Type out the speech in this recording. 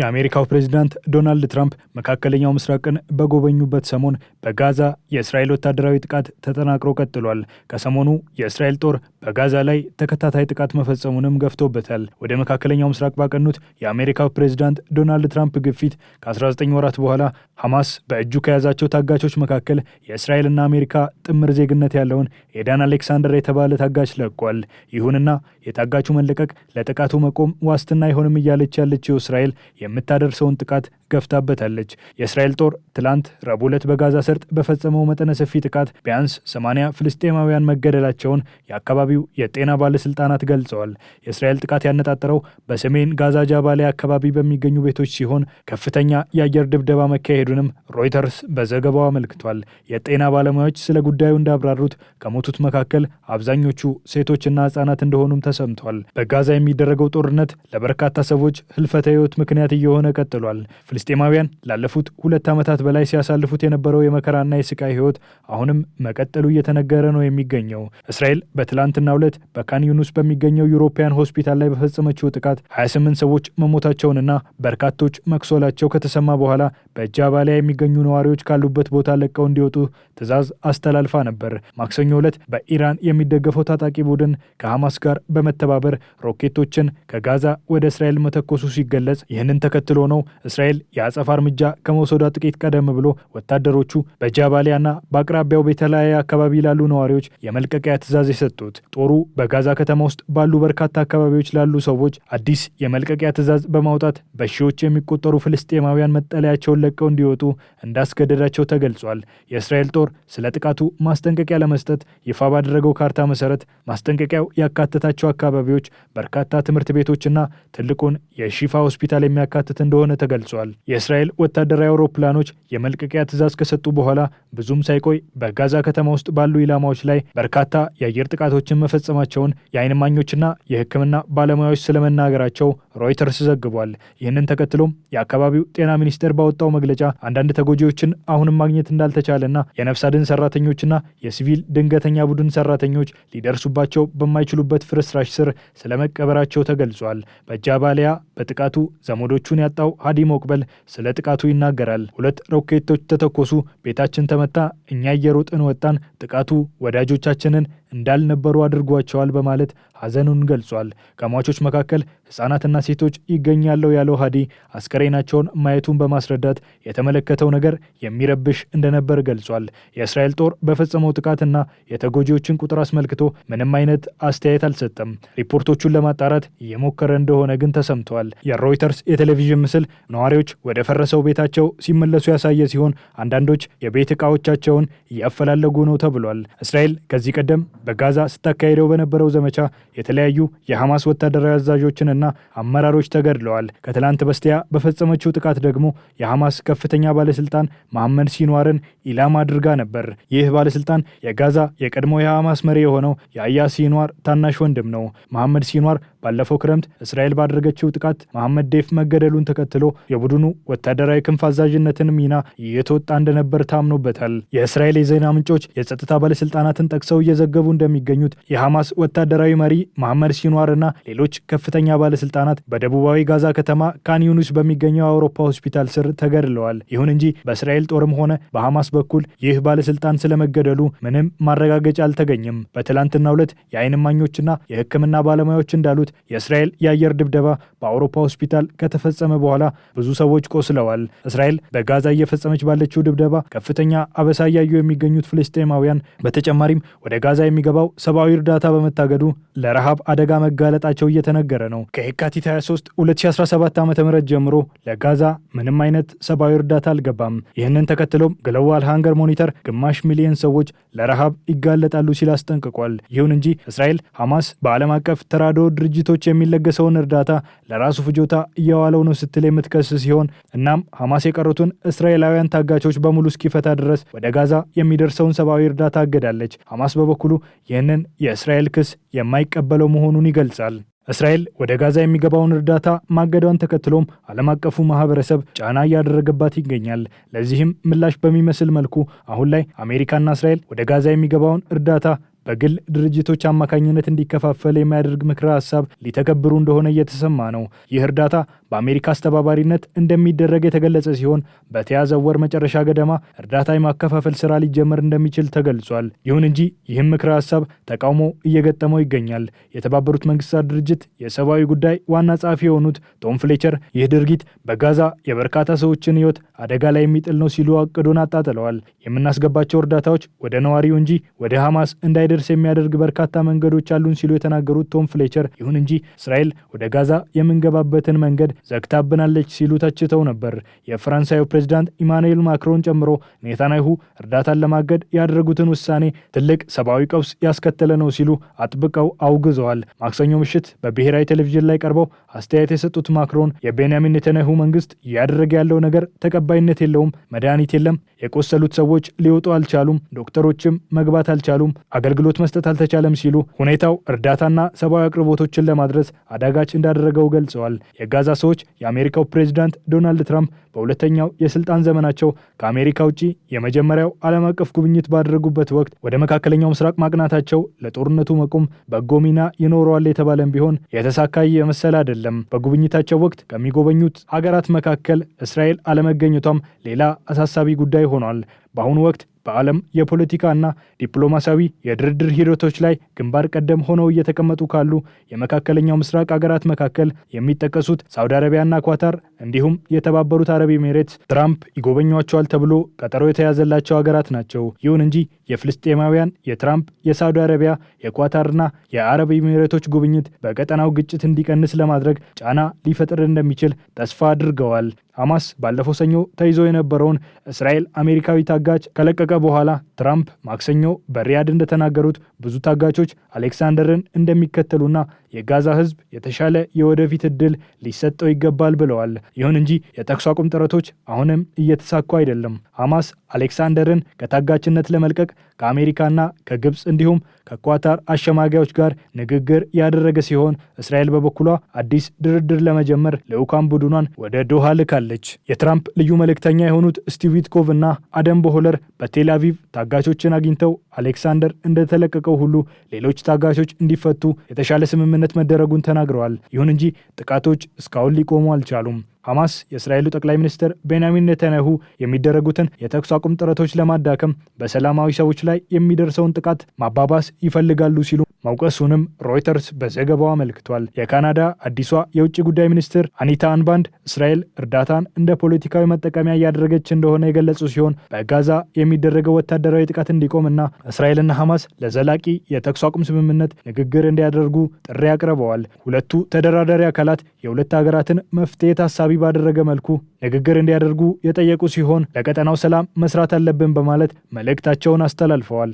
የአሜሪካው ፕሬዚዳንት ዶናልድ ትራምፕ መካከለኛው ምስራቅን በጎበኙበት ሰሞን በጋዛ የእስራኤል ወታደራዊ ጥቃት ተጠናክሮ ቀጥሏል። ከሰሞኑ የእስራኤል ጦር በጋዛ ላይ ተከታታይ ጥቃት መፈጸሙንም ገፍቶበታል። ወደ መካከለኛው ምስራቅ ባቀኑት የአሜሪካው ፕሬዚዳንት ዶናልድ ትራምፕ ግፊት ከ19 ወራት በኋላ ሐማስ በእጁ ከያዛቸው ታጋቾች መካከል የእስራኤልና አሜሪካ ጥምር ዜግነት ያለውን ኤዳን አሌክሳንደር የተባለ ታጋች ለቋል። ይሁንና የታጋቹ መለቀቅ ለጥቃቱ መቆም ዋስትና አይሆንም እያለች ያለችው እስራኤል የምታደርሰውን ጥቃት ገፍታበታለች። የእስራኤል ጦር ትላንት ረቡዕ ዕለት በጋዛ ሰርጥ በፈጸመው መጠነ ሰፊ ጥቃት ቢያንስ 80 ፍልስጤማውያን መገደላቸውን የአካባቢው የጤና ባለስልጣናት ገልጸዋል። የእስራኤል ጥቃት ያነጣጠረው በሰሜን ጋዛ ጃባሌ አካባቢ በሚገኙ ቤቶች ሲሆን ከፍተኛ የአየር ድብደባ መካሄዱንም ሮይተርስ በዘገባው አመልክቷል። የጤና ባለሙያዎች ስለ ጉዳዩ እንዳብራሩት ከሞቱት መካከል አብዛኞቹ ሴቶችና ህጻናት እንደሆኑም ተሰምቷል። በጋዛ የሚደረገው ጦርነት ለበርካታ ሰዎች ህልፈተ ህይወት ምክንያት እየሆነ ቀጥሏል። ፍልስጤማውያን ላለፉት ሁለት ዓመታት በላይ ሲያሳልፉት የነበረው የመከራና የስቃይ ህይወት አሁንም መቀጠሉ እየተነገረ ነው የሚገኘው። እስራኤል በትላንትናው ዕለት በካን ዩኑስ በሚገኘው ዩሮፒያን ሆስፒታል ላይ በፈጸመችው ጥቃት 28 ሰዎች መሞታቸውንና በርካቶች መቁሰላቸው ከተሰማ በኋላ በጃባሊያ የሚገኙ ነዋሪዎች ካሉበት ቦታ ለቀው እንዲወጡ ትዕዛዝ አስተላልፋ ነበር። ማክሰኞ ዕለት በኢራን የሚደገፈው ታጣቂ ቡድን ከሐማስ ጋር በመተባበር ሮኬቶችን ከጋዛ ወደ እስራኤል መተኮሱ ሲገለጽ፣ ይህንን ተከትሎ ነው እስራኤል የአጸፋ እርምጃ ከመውሰዷ ጥቂት ቀደም ብሎ ወታደሮቹ በጃባሊያና በአቅራቢያው በተለያየ አካባቢ ላሉ ነዋሪዎች የመልቀቂያ ትዕዛዝ የሰጡት። ጦሩ በጋዛ ከተማ ውስጥ ባሉ በርካታ አካባቢዎች ላሉ ሰዎች አዲስ የመልቀቂያ ትዕዛዝ በማውጣት በሺዎች የሚቆጠሩ ፍልስጤማውያን መጠለያቸውን ለቀው እንዲወጡ እንዳስገደዳቸው ተገልጿል። የእስራኤል ጦር ስለ ጥቃቱ ማስጠንቀቂያ ለመስጠት ይፋ ባደረገው ካርታ መሰረት ማስጠንቀቂያው ያካተታቸው አካባቢዎች በርካታ ትምህርት ቤቶችና ትልቁን የሺፋ ሆስፒታል የሚያካትት እንደሆነ ተገልጿል። የእስራኤል ወታደራዊ አውሮፕላኖች የመልቀቂያ ትዕዛዝ ከሰጡ በኋላ ብዙም ሳይቆይ በጋዛ ከተማ ውስጥ ባሉ ኢላማዎች ላይ በርካታ የአየር ጥቃቶችን መፈጸማቸውን የአይን እማኞችና የሕክምና ባለሙያዎች ስለመናገራቸው ሮይተርስ ዘግቧል። ይህንን ተከትሎም የአካባቢው ጤና ሚኒስቴር ባወጣው ባወጣው መግለጫ አንዳንድ ተጎጂዎችን አሁንም ማግኘት እንዳልተቻለና የነፍስ አድን ሰራተኞችና የሲቪል ድንገተኛ ቡድን ሰራተኞች ሊደርሱባቸው በማይችሉበት ፍርስራሽ ስር ስለመቀበራቸው ተገልጿል። በጃባሊያ በጥቃቱ ዘመዶቹን ያጣው ሀዲ ሞቅበል ስለ ጥቃቱ ይናገራል። ሁለት ሮኬቶች ተተኮሱ፣ ቤታችን ተመታ፣ እኛ እየሮጥን ወጣን። ጥቃቱ ወዳጆቻችንን እንዳልነበሩ አድርጓቸዋል በማለት ሐዘኑን ገልጿል። ከሟቾች መካከል ሕፃናትና ሴቶች ይገኛለው ያለው ሀዲ አስከሬናቸውን ማየቱን በማስረዳት የተመለከተው ነገር የሚረብሽ እንደነበር ገልጿል። የእስራኤል ጦር በፈጸመው ጥቃትና የተጎጂዎችን ቁጥር አስመልክቶ ምንም አይነት አስተያየት አልሰጠም። ሪፖርቶቹን ለማጣራት እየሞከረ እንደሆነ ግን ተሰምተዋል። የሮይተርስ የቴሌቪዥን ምስል ነዋሪዎች ወደ ፈረሰው ቤታቸው ሲመለሱ ያሳየ ሲሆን አንዳንዶች የቤት ዕቃዎቻቸውን እያፈላለጉ ነው ተብሏል። እስራኤል ከዚህ ቀደም በጋዛ ስታካሄደው በነበረው ዘመቻ የተለያዩ የሐማስ ወታደራዊ አዛዦችንና አመራሮች ተገድለዋል። ከትላንት በስቲያ በፈጸመችው ጥቃት ደግሞ የሐማስ ከፍተኛ ባለስልጣን መሐመድ ሲንዋርን ኢላማ አድርጋ ነበር። ይህ ባለስልጣን የጋዛ የቀድሞ የሐማስ መሪ የሆነው የአያ ሲንዋር ታናሽ ወንድም ነው። መሐመድ ሲንዋር ባለፈው ክረምት እስራኤል ባደረገችው ጥቃት መሐመድ ዴፍ መገደሉን ተከትሎ የቡድኑ ወታደራዊ ክንፍ አዛዥነትን ሚና እየተወጣ እንደነበር ታምኖበታል። የእስራኤል የዜና ምንጮች የጸጥታ ባለስልጣናትን ጠቅሰው እየዘገቡ እንደሚገኙት የሐማስ ወታደራዊ መሪ መሐመድ ሲኗር እና ሌሎች ከፍተኛ ባለስልጣናት በደቡባዊ ጋዛ ከተማ ካን ዩኒስ በሚገኘው አውሮፓ ሆስፒታል ስር ተገድለዋል። ይሁን እንጂ በእስራኤል ጦርም ሆነ በሐማስ በኩል ይህ ባለስልጣን ስለመገደሉ ምንም ማረጋገጫ አልተገኘም። በትላንትናው ዕለት የአይን እማኞችና የሕክምና ባለሙያዎች እንዳሉት የእስራኤል የአየር ድብደባ በአውሮፓ ሆስፒታል ከተፈጸመ በኋላ ብዙ ሰዎች ቆስለዋል። እስራኤል በጋዛ እየፈጸመች ባለችው ድብደባ ከፍተኛ አበሳ እያዩ የሚገኙት ፍልስጤማውያን በተጨማሪም ወደ ጋዛ የሚ የሚገባው ሰብአዊ እርዳታ በመታገዱ ለረሃብ አደጋ መጋለጣቸው እየተነገረ ነው። ከየካቲት 23 2017 ዓ ም ጀምሮ ለጋዛ ምንም አይነት ሰብአዊ እርዳታ አልገባም። ይህንን ተከትሎም ግሎባል ሃንገር ሞኒተር ግማሽ ሚሊዮን ሰዎች ለረሃብ ይጋለጣሉ ሲል አስጠንቅቋል። ይሁን እንጂ እስራኤል ሐማስ በዓለም አቀፍ ተራድኦ ድርጅቶች የሚለገሰውን እርዳታ ለራሱ ፍጆታ እያዋለው ነው ስትል የምትከስ ሲሆን እናም ሐማስ የቀሩትን እስራኤላውያን ታጋቾች በሙሉ እስኪፈታ ድረስ ወደ ጋዛ የሚደርሰውን ሰብአዊ እርዳታ አገዳለች። ሐማስ በበኩሉ ይህንን የእስራኤል ክስ የማይቀበለው መሆኑን ይገልጻል። እስራኤል ወደ ጋዛ የሚገባውን እርዳታ ማገዷን ተከትሎም ዓለም አቀፉ ማህበረሰብ ጫና እያደረገባት ይገኛል። ለዚህም ምላሽ በሚመስል መልኩ አሁን ላይ አሜሪካና እስራኤል ወደ ጋዛ የሚገባውን እርዳታ በግል ድርጅቶች አማካኝነት እንዲከፋፈል የሚያደርግ ምክረ ሀሳብ ሊተገብሩ እንደሆነ እየተሰማ ነው። ይህ እርዳታ በአሜሪካ አስተባባሪነት እንደሚደረግ የተገለጸ ሲሆን በተያዘ ወር መጨረሻ ገደማ እርዳታ የማከፋፈል ስራ ሊጀመር እንደሚችል ተገልጿል። ይሁን እንጂ ይህም ምክረ ሀሳብ ተቃውሞ እየገጠመው ይገኛል። የተባበሩት መንግስታት ድርጅት የሰብአዊ ጉዳይ ዋና ጸሐፊ የሆኑት ቶም ፍሌቸር ይህ ድርጊት በጋዛ የበርካታ ሰዎችን ህይወት አደጋ ላይ የሚጥል ነው ሲሉ አቅዶን አጣጥለዋል። የምናስገባቸው እርዳታዎች ወደ ነዋሪው እንጂ ወደ ሐማስ እንዳይ እንዳይደርስ የሚያደርግ በርካታ መንገዶች አሉን ሲሉ የተናገሩት ቶም ፍሌቸር ይሁን እንጂ እስራኤል ወደ ጋዛ የምንገባበትን መንገድ ዘግታብናለች ሲሉ ተችተው ነበር። የፈረንሳዩ ፕሬዚዳንት ኢማኑኤል ማክሮን ጨምሮ ኔታንያሁ እርዳታን ለማገድ ያደረጉትን ውሳኔ ትልቅ ሰብአዊ ቀውስ ያስከተለ ነው ሲሉ አጥብቀው አውግዘዋል። ማክሰኞ ምሽት በብሔራዊ ቴሌቪዥን ላይ ቀርበው አስተያየት የሰጡት ማክሮን የቤንያሚን ኔታንያሁ መንግስት እያደረገ ያለው ነገር ተቀባይነት የለውም፣ መድኃኒት የለም፣ የቆሰሉት ሰዎች ሊወጡ አልቻሉም፣ ዶክተሮችም መግባት አልቻሉም፣ አገልግሎ አገልግሎት መስጠት አልተቻለም ሲሉ ሁኔታው እርዳታና ሰብአዊ አቅርቦቶችን ለማድረስ አዳጋች እንዳደረገው ገልጸዋል። የጋዛ ሰዎች የአሜሪካው ፕሬዚዳንት ዶናልድ ትራምፕ በሁለተኛው የስልጣን ዘመናቸው ከአሜሪካ ውጭ የመጀመሪያው ዓለም አቀፍ ጉብኝት ባደረጉበት ወቅት ወደ መካከለኛው ምስራቅ ማቅናታቸው ለጦርነቱ መቆም በጎ ሚና ይኖረዋል የተባለም ቢሆን የተሳካ የመሰለ አይደለም። በጉብኝታቸው ወቅት ከሚጎበኙት ሀገራት መካከል እስራኤል አለመገኘቷም ሌላ አሳሳቢ ጉዳይ ሆኗል። በአሁኑ ወቅት በዓለም የፖለቲካና ዲፕሎማሲያዊ የድርድር ሂደቶች ላይ ግንባር ቀደም ሆነው እየተቀመጡ ካሉ የመካከለኛው ምስራቅ አገራት መካከል የሚጠቀሱት ሳውዲ አረቢያና ኳታር እንዲሁም የተባበሩት አረብ ኤሜሬትስ ትራምፕ ይጎበኟቸዋል ተብሎ ቀጠሮ የተያዘላቸው አገራት ናቸው። ይሁን እንጂ የፍልስጤማውያን የትራምፕ የሳውዲ አረቢያ የኳታርና የአረብ ኤሜሬቶች ጉብኝት በቀጠናው ግጭት እንዲቀንስ ለማድረግ ጫና ሊፈጥር እንደሚችል ተስፋ አድርገዋል። ሐማስ ባለፈው ሰኞ ተይዞ የነበረውን እስራኤል አሜሪካዊ ታጋች ከለቀቀ በኋላ ትራምፕ ማክሰኞ በሪያድ እንደተናገሩት ብዙ ታጋቾች አሌክሳንደርን እንደሚከተሉና የጋዛ ህዝብ የተሻለ የወደፊት እድል ሊሰጠው ይገባል ብለዋል። ይሁን እንጂ የተኩስ አቁም ጥረቶች አሁንም እየተሳኩ አይደለም። ሐማስ አሌክሳንደርን ከታጋችነት ለመልቀቅ ከአሜሪካና ከግብፅ እንዲሁም ከኳታር አሸማጊያዎች ጋር ንግግር ያደረገ ሲሆን እስራኤል በበኩሏ አዲስ ድርድር ለመጀመር ልዑካን ቡድኗን ወደ ዶሃ ልካለች። የትራምፕ ልዩ መልእክተኛ የሆኑት ስቲቭ ዊትኮቭ እና አደም ቦሆለር በቴል አቪቭ ታጋቾችን አግኝተው አሌክሳንደር እንደተለቀቀው ሁሉ ሌሎች ታጋቾች እንዲፈቱ የተሻለ ስምምነት ስምምነት መደረጉን ተናግረዋል። ይሁን እንጂ ጥቃቶች እስካሁን ሊቆሙ አልቻሉም። ሐማስ የእስራኤሉ ጠቅላይ ሚኒስትር ቤንያሚን ኔታንያሁ የሚደረጉትን የተኩስ አቁም ጥረቶች ለማዳከም በሰላማዊ ሰዎች ላይ የሚደርሰውን ጥቃት ማባባስ ይፈልጋሉ ሲሉ መውቀሱንም ሮይተርስ በዘገባው አመልክቷል። የካናዳ አዲሷ የውጭ ጉዳይ ሚኒስትር አኒታ አንባንድ እስራኤል እርዳታን እንደ ፖለቲካዊ መጠቀሚያ እያደረገች እንደሆነ የገለጹ ሲሆን በጋዛ የሚደረገው ወታደራዊ ጥቃት እንዲቆም እና እስራኤልና ሐማስ ለዘላቂ የተኩስ አቁም ስምምነት ንግግር እንዲያደርጉ ጥሪ አቅርበዋል። ሁለቱ ተደራዳሪ አካላት የሁለት ሀገራትን መፍትሄ ታሳቢ ባደረገ መልኩ ንግግር እንዲያደርጉ የጠየቁ ሲሆን ለቀጠናው ሰላም መስራት አለብን በማለት መልእክታቸውን አስተላልፈዋል።